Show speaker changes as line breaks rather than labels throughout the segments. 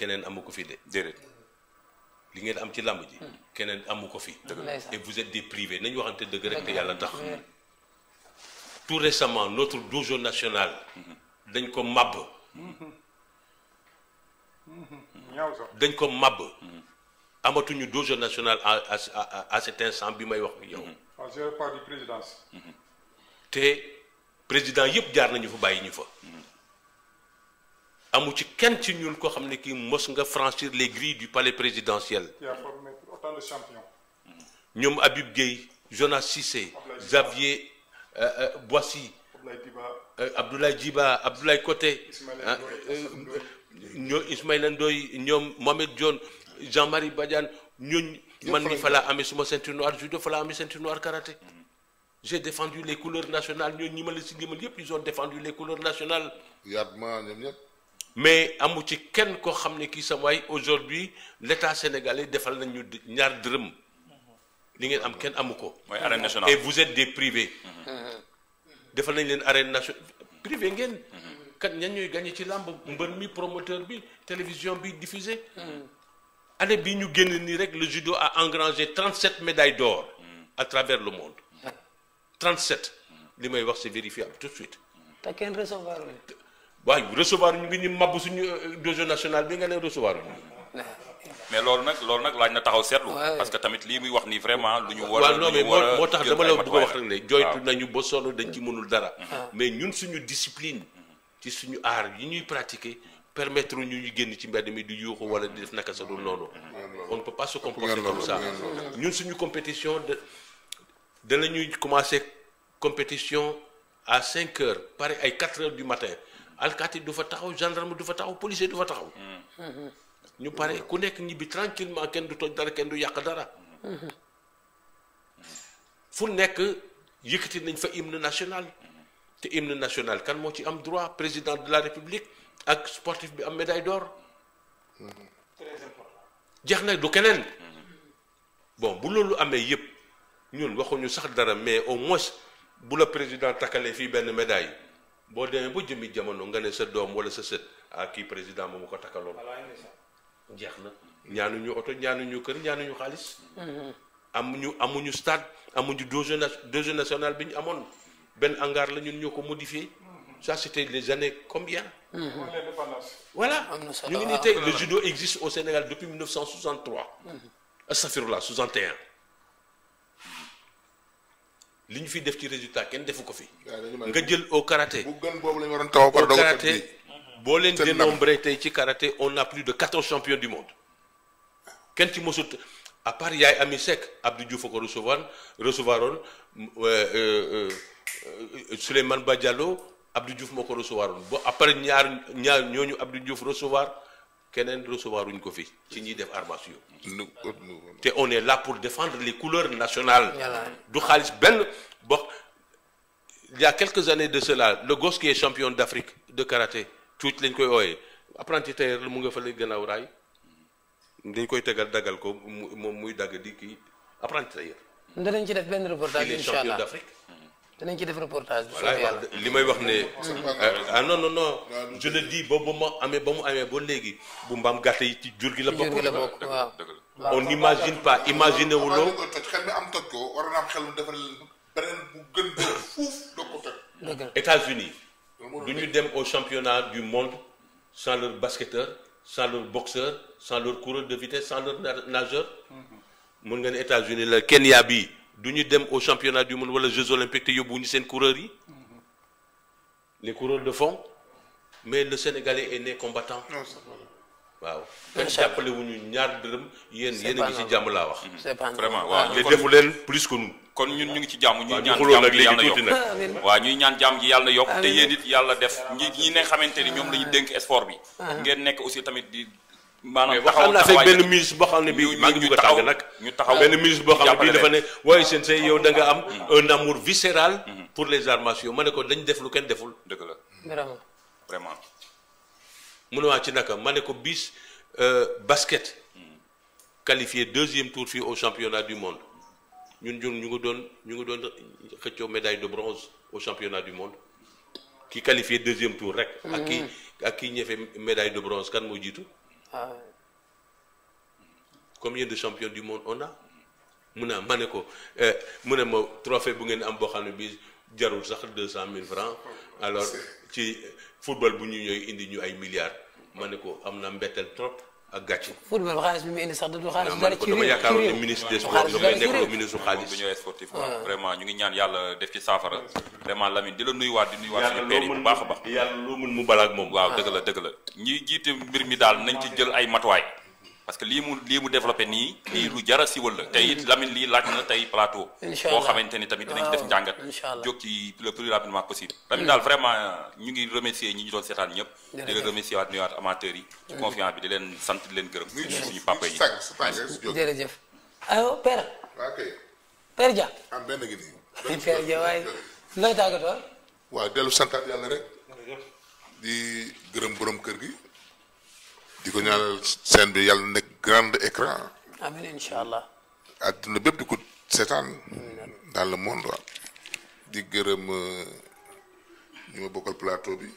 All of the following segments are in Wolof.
keneen amu ko fi de. déedéet li ngeen am ci làmb ji. Hmm. keneen amu ko fi. et vous êtes des privés nañu waxante dëgg rek te yàlla tax. tout récemment notre dojo national. Hmm. dañ ko màbb. dañ ko màbb. Hmm. amatuñu dojo national à à à cet instant bi may wax yow.
Ah, présidence.
te président yëpp jaar nañu fa bàyyi ñu fa. amu ci kenn ci ñun koo xam ne kii mos nga franchir les grilles du palais présidentiel.
y' a formé autant de champions.
ñoom Habib Gueye Jonas Cissé. Xavier euh, euh, Boissy. Abdoulaye Djiba euh, Abdoulaye Coté. ñoo Ismaïla Ndoye ñoom Mohamed Dione Jean-Marie Badiane ñooñu. man mi fa laa amee suma ceinture noire judo fa laa amee ceinture noire karaté. j'ai défendu les couleurs nationales ñooñu ñi ma la si limal yëpp ils ont défendu les couleurs nationales. mais amu ci kenn koo xam ne kii sama waay aujourd'hui l'état sénégalais defal nañ ñu ñaar dërëm li ngeen am kenn amu ko. mooy arène nationale et vous êtes des privés. Mhm. defal nañ leen arène nationale privé ngeen. Mhm. kat ñan ñuy gagné ci làmb mbër mi promoteur bi télévision bi diffusé. Mhm. année bii ñu génn nii rek le judo a engrangé 37 médailles d'or à travers le monde 37. li may wax si vérifiable tout suite.
te kenn recevoir
waaye recevoir ñu ngi ñu mabb suñu euh, dojo national bi nga leen recevoir ñu
mais loolu nag loolu nag laaj na taxaw seetlu. parce que tamit lii muy wax nii vraiment lu ñu. war a lu moo tax dama la bëgg a wax rek ne joytu
nañu ba sonn dañ ci mënul dara. Mm-hmm. mais ñun suñu discipline. ci suñu aar yi ñuy pratiquer permettre ñu ñu génn ci mbedd mi di yuuxu wala di def naka sa dul noonu. Mm-hmm. on ne peut pas se comporter comme ça ñun suñu compétition de danañuy commencer compétition à 5 heures ay 4 heures du alkaati du fa taxaw gendarme du fa taxaw policier du fa taxaw.
Mm-hmm.
ñu pare ku nekk ñibbi tranquillement kenn du toj dara kenn du yàq dara. Mm-hmm. fu nekk yëkkati nañ fa hymne national. te hymne national kan moo ci am droit président de la république ak sportif bi am médaille d'or.
Mm-hmm.
jeex na du keneen. bon bu loolu amee yëpp ñun waxuñu sax dara mais au moins bu la président takkalee fii benn médaille. boo demee ba jëmmi jamono nga ne sa doom wala sa sët ah kii président moomu ko takkaloon jeex na ñaanuñu oto ñaanuñu kër ñaanuñu xaalis mm-hmm. amuñu amuñu stade amuñu dose nationale bi ñu amoon benn hangar la ñun ñoo ko modifié ça c'était les années combien
mm-hmm. voilà ñu ngi nii tey le
judo existe au Sénégal depuis 1963 astafirullah 61 li ñu fi def ci résultat kenn defu ko fi. nga jël au karaté. bu gën boobu la ñu
waroon taw par dogal karaté
boo leen dénombré tey ci karaté on a plus de quatorze champions du monde kenn ci mosut à Yaay Ami Seck Abdou Diouf a ko recevoir recevoir oon euh, euh, euh, Souleymane Ba Diallo Abdou Diouf moo ko recevoir oon ba après ñaar ñaar ñooñu Abdou Diouf recevoir. keneen recevoiruñ ko fi ci ñiy def arts te on est là pour défendre les couleurs nationales du xaalis benn boo il y a quelques années de cela le gosse qui est champion d'Afrique de karaté tuuti lañ koy ooyee apprenti tailleur mu nga fa la gannaaw raay dañ koy tegal dagal ko moom muy dagg di kii apprenti tailleur
danañ ci def benn reportage incha allah il est champion danañ ci def reportage bi. voilà li
may wax ne. Euh, ah non non non. je le dis ba ba mu amee ba mu amee ba léegi bu mbaam gàtt yi ci jur gi la bokk. la bokk waaw
on n'imagine pas imaginer wu loo. xel mi am toj ko war na am xel mu defal beneen bu
gën a fuuf doo ko toj. États-Unis du ñu dem au championnat du monde sans leur basketteur sans leur boxeur sans leur coureur de vitesse sans leur nageur. Mm-hmm. mun nga ne États-Unis la Kenya bii. du ñu dem au championnat du monde wala Jeux olympiques te ñu seen coureurs yi les coureurs de fond mais le Sénégalais est né combattant. waaw kenn jàppale wu ñu ñaar dërëm yéen yéen a ngi ci laa wax. vraiment waaw te defu leen
plus ku nous. kon
ñun ñu ngi ci jàmm ñuy ñaan jàmm ji yàlla yokk
waaw ñuy ñaan jàmm ji yàlla na te yéen it yàlla def ñi ñi ne xamante ni ñoom la ñu dénk sport bi. Uh-huh. ngeen nekk aussi tamit
maanaam taxaw naa fekk benn boo xam ne bii maa ngi bugg a tàng nag ñu taxaw benn ministre boo xam ne bii dafa ne waaye seen say yow da nga am mm-hmm. un amour viscéral mm-hmm. pour les arts martiaux ma ne ko dañ def lu kenn deful dëgg la vraiment vraiment mu waa ci naka ma ne ko bis euh, basket mm-hmm. qualifié deuxième tour fii au championnat du monde ñun ñun ñu ngi doon ñu ngi doon xëccoo médaille de bronze au championnat du monde ki qualifié deuxième tour rek ak ki ak ki ñëfe médaille de bronze kan moo jiitu comme combien de champion du monde on a mun a ma ne ko eh, mu ne ma trophée bu ngeen am boo xam ne bi jarul sax deux cent mille francs alors ci football bu ñu ñooy indi ñu ay milliards ma ne ko am na mbetteel trop. ak gàcce.
football xaalis bi mu indi sax da du xaalis dara ci réew dama yaakaaroon ne ministre des sports dafay nekk ministre
xaalis bu ñëwee sportif quoi ah. vraiment ñu ngi ñaan yàlla def ci saafara vraiment Lamine di la nuyuwaat di nuyuwaat suñu père yi bu baax a baax yàlla loo mën mu balaak moom waaw dëgg la ah. dëgg la ñi jiite mbir mi daal nañ ci jël ay matuwaay parce que lii mu lii mu développé nii. lii lu jar a siiwal la. tey it lii laaj na tey plateau. incha allah boo xamante ni tamit dinañ def njàngat. incha allah jóg ci le plus rapidement possible. Lamine daal vraiment euh, ñu ngi remercier ñi ñu doon seetaan ñëpp. di leen remercier waat nuyuwaat yi. ci confiance bi di leen
sant di leen gërëm. muy suñu papa yi jërëjëf.
ayo Père. ok. Père Dia. am benn gi nii. Père Dia waaye. dellu santaat yàlla rek.
di gërëm borom kër gi di ko ñaanal scène bi yàlla nekk grand écran
amin incha allah.
àdduna bépp di ko seetaan. dans le monde waaw. di gërëm euh, ñu ma bokkal plateau bi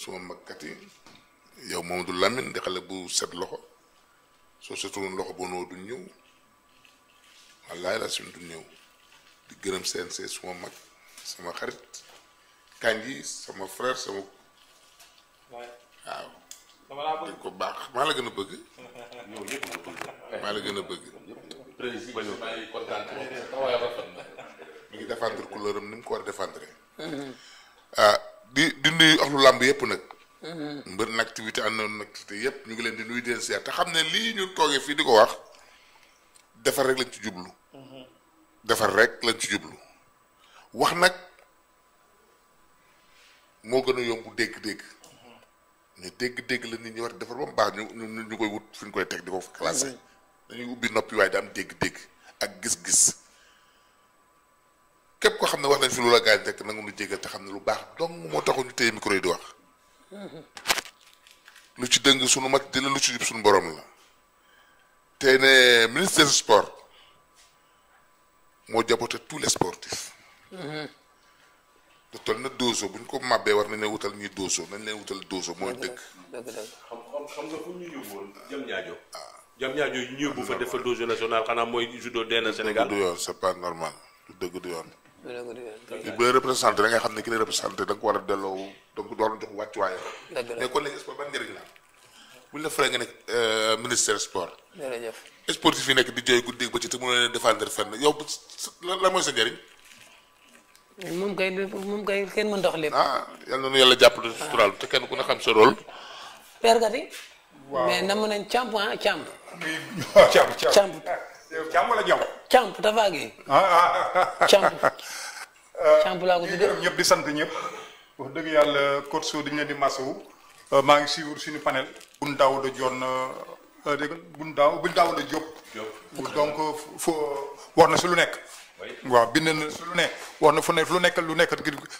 suma magkat yi yow moom du Lamine di xale bu set loxo soo setuloon loxo bonoo du ñëw wallaay la suñ du ñëw di gërëm CNC suma mag suma xarit kanji sama frère sama
waaw danga ko baax maa la gën a bëgg. maa la gën a bëgg. président ngi
kontaan mi ngi ni mu ko war a défendre. Mhm. ah di di nuyu axlu làmb yëpp nag. Mhm. mbër na activité ànd na activité yëpp ñu ngi leen di nuyu di te xam ne lii ñu toogee fii di ko wax defar rek lañ ci jublu. Mhm. defar rek lañ ci jublu wax nag moo gën a yomb dégg-dégg. mais dégg-dégg la nit ñi war a defar ba mu baax ñu ñu koy wut fi ñu koy teg di ko classé mm-hmm. dañuy ubbi noppi waaye di am dégg-dégg ak gis-gis képp ko xam ne wax nañ fi lu la gaañ rek nangu nu jégal te xam ne lu baax dong moo taxu ñu téye micro yi di wax mm-hmm. lu ci dëng sunu mat di la lu ci jub sunu borom la te ne ministre sport sports moo jaboote tous les sportifs mm-hmm. lu toll na dooso bu ñu ko màbbee war nañ leen wutal ñuy dooso nañ leen wutal dooso mooy dëkk.
dëgg dëgg xam nga fu
ñu yóbbuwoon jëm ñaajo. waaw ah. jëm ñaajo ñu yóbbu fa def fa dooso national xanaa mooy judo dee na Sénégal du yoon
c'est pas normal du dëgg du yoon. li bu lay ngay xam ne ki lay représenté da nga ko war a delloo da nga ko war a jox wàccuwaayam. dëgg la mais kon léegi sport ban njëriñ la bu ñu la fëree nga nekk euh, ministère sport. jërëjëf sportif yi nekk di jooy guddi ba ci te mënoo leen défendre fenn la mooy sa njëriñ
moom kay moom kay kenn mën dox lépp. ah
yal na yàlla jàppale si suturaal te kenn ku ne xam sa rôle.
père Gati. waaw mais namu nañ càmp ah càmp. càmp càmp càmp wala jàmp. Ah, ah.
eh, laa ko tuddee ñëpp di sant ñëpp. wax dëgg yàlla Côte Sou dañu leen di masawu. Eh, maa ngi suivre suñu panel. Boun Daouda Dione eh, dégg nga Boun da Diop. donc foo wax na si lu nekk. waaw bind na su lu ne na fu ne lu nekk lu nekk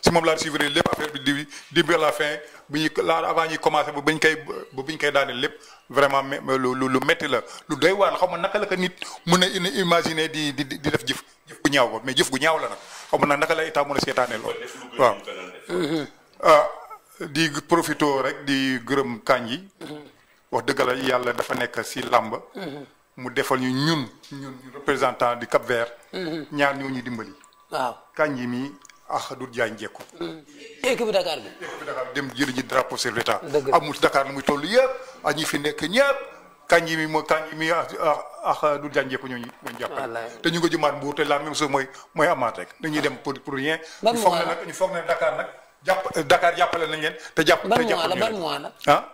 si moom laa suivre lépp affaire bi di début à la fin bu ñuy laa avant ñuy commencé ba bañ koy ba buñ koy daaneel lépp vraiment lu lu métti la lu doy waar xaw ma naka la ko nit mun a imaginer di di di def jëf jëf gu ñaaw ba mais jëf gu ñaaw la na xaw ma nag naka la état mun a seetaanee lool waaw ah di profito rek di gërëm kañ yi wax dëgg la yàlla dafa nekk si làmb mu defal ñu ñun ñun représentant di Cap Vert. Mm-hmm. ñaar ñoo ñuy dimbali. waaw Kandji mi ak Doudou Diagne Diécko.
Mm-hmm.
dem jëli ji drapeau sur l'état. dëgg la amul Dakar lu muy toll yëpp ak ñi fi nekk ñëpp. Kandji mi mooy Kandji mi ak ak Doudou Diagne Diécko ñooñu. ñooñu jàppale te ñu ko jëmaat Mbour te la même chose mooy mooy amaat rek dañuy dem pour pour rien. ñu foog ne nag ñu foog ne Dakar nag jàpp Dakar jàppale nañ leen. te jàpp te jàppale ñu leen ban mois la ban mois la ah.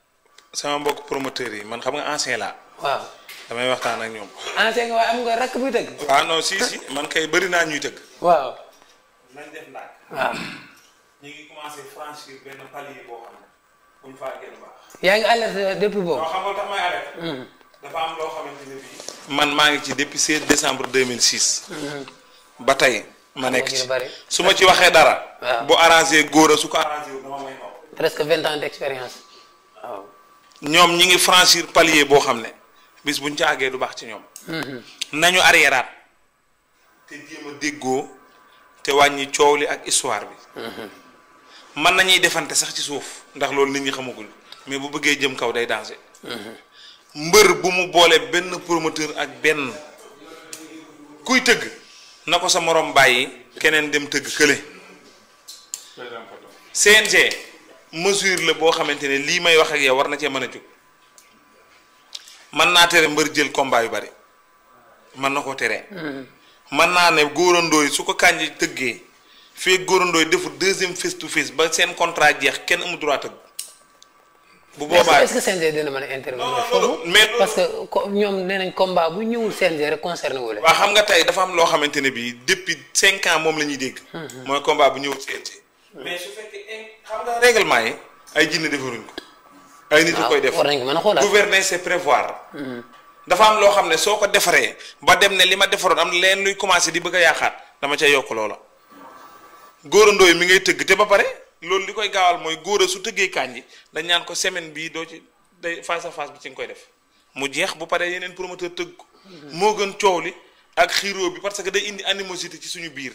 sama mbokk promoteur yi man xam nga ancien laa. waaw damay waxtaan ak ñoom.
ancien nga waaye am nga rakk buy tëgg.
Ah si si man kay bëri naa ñuy tëgg. waaw. nañ
def ah.
hmm. man maa ngi ci depuis 16 décembre 2006. Hmm. ba tey ma nekk ci su ma ci waxee dara. waaw bu arrangé góor a su ko arrangé
presque vingt ans d'expérience
ñoom ñi ngi franchir palier boo xam ne bis buñ ci àggee du baax ci ñoom. Mhm. nañu arriéraat te jéem a déggoo te wàññi coow li ak istoire bi. Mhm. mën nañuy defante sax ci suuf ndax loolu nit ñi xamaguñ mais bu bëggee jëm kaw day danger.
Mhm. mbër
bu mu boole benn promoteur ak benn kuy tëgg na ko sa morom bàyyi keneen dem tëgg kële. CNG. mesure la boo xamante ne lii may wax ak yow war na cee mën a jóg mën naa tere mbër jël combat yu bari mën na ko tere. Mm-hmm. mën naa ne góorandoo yi su ko kànji tëggee fee góorandoo yi deuxième face to face ba seen contrat jeex kenn amul droit tëgg. bu boobaa est-ce que
CNG dina mën a intervenir parce que ñoom nee nañ combat bu ñëwul CNG rek concerné wu leen.
xam nga tey dafa am loo xamante ne bii depuis cinq ans moom la ñuy dégg. Mm-hmm. mooy combat bu ñëwul CNG. mais su fekkee xam nga règlement yi. ay jinne defaruñ ko. ay nit ñu koy def ah, gouverner prévoir. Hmm. dafa am loo xam ne soo ko defaree ba dem ne li ma defaroon am leen luy commencé di bëgg a yaaxaat dama cay yokk loola. góorandoo yi mi ngay tëgg te ba pare loolu li koy gaawal mooy góora su tëggee kaañ yi dañ ñaan ko semaine bii doo ci day face à face bi ci nga koy def mu jeex bu pare yeneen promoteur tëgg ko. Hmm. moo gën coow li ak xiiro bi parce que day indi animosité ci suñu biir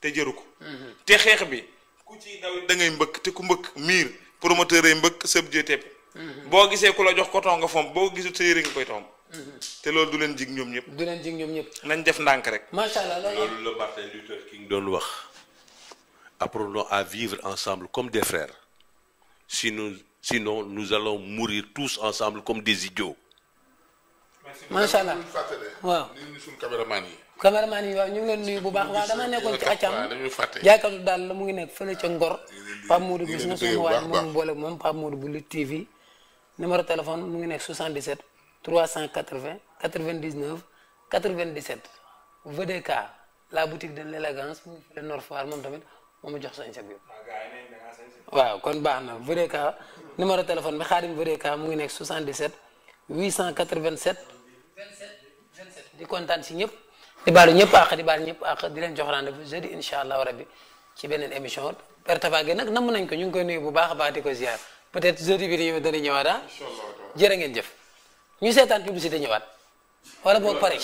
te jëru ko. Hmm. xeex bi. ku ciy daw da ngay mbëkk te ku mbëkk miir promoteur ay mbëkk sëb jee tepp mhm. boo gisee ku la jox coton nga fomp boo gisul sa yére nga koy tomb mhm. te loolu du leen jig ñoom ñëpp. du leen jig ñoom ñëpp. nañ def ndànk rek.
macha allah loolu la
Martin Luther King doon wax. apprenons à vivre ensemble comme des frères si sinon nous allons mourir tous ensemble comme des idiots.
macha allah waaw. cameraman yi waaw ñu ngi leen nuyu bu baax waaw dama nekkoon ci acam jaaykatu daal mu ngi nekk fële ca Ngor Pape Modou gis na suñu waay moom boole moom Pape Modou bu Lutte TV numéro téléphone mu ngi nekk 77 380 99 97 VDK la boutique de l'élégance mu ngi fële Nord Foire moom tamit moo ma jox sañ-sañ bi
ah,
waaw kon baax na VDK numéro téléphone bi Xaadim VDK mu ngi nekk 77 887 27 27 di kontaan si ñëpp di baalu ñëpp àq di baalu ñëpp àq di leen jox rendez-vous jeudi incha allahu rabbi ci beneen émission Père Tapha Guèye nag namm nañ ko ñu ngi koy nuyu bu baax a baax di ko ziar peut-être jeudi bi di ñëw dana ñëwaat ah. jërë ngeen jëf ñu seetaan publicité ñëwaat wala boog pare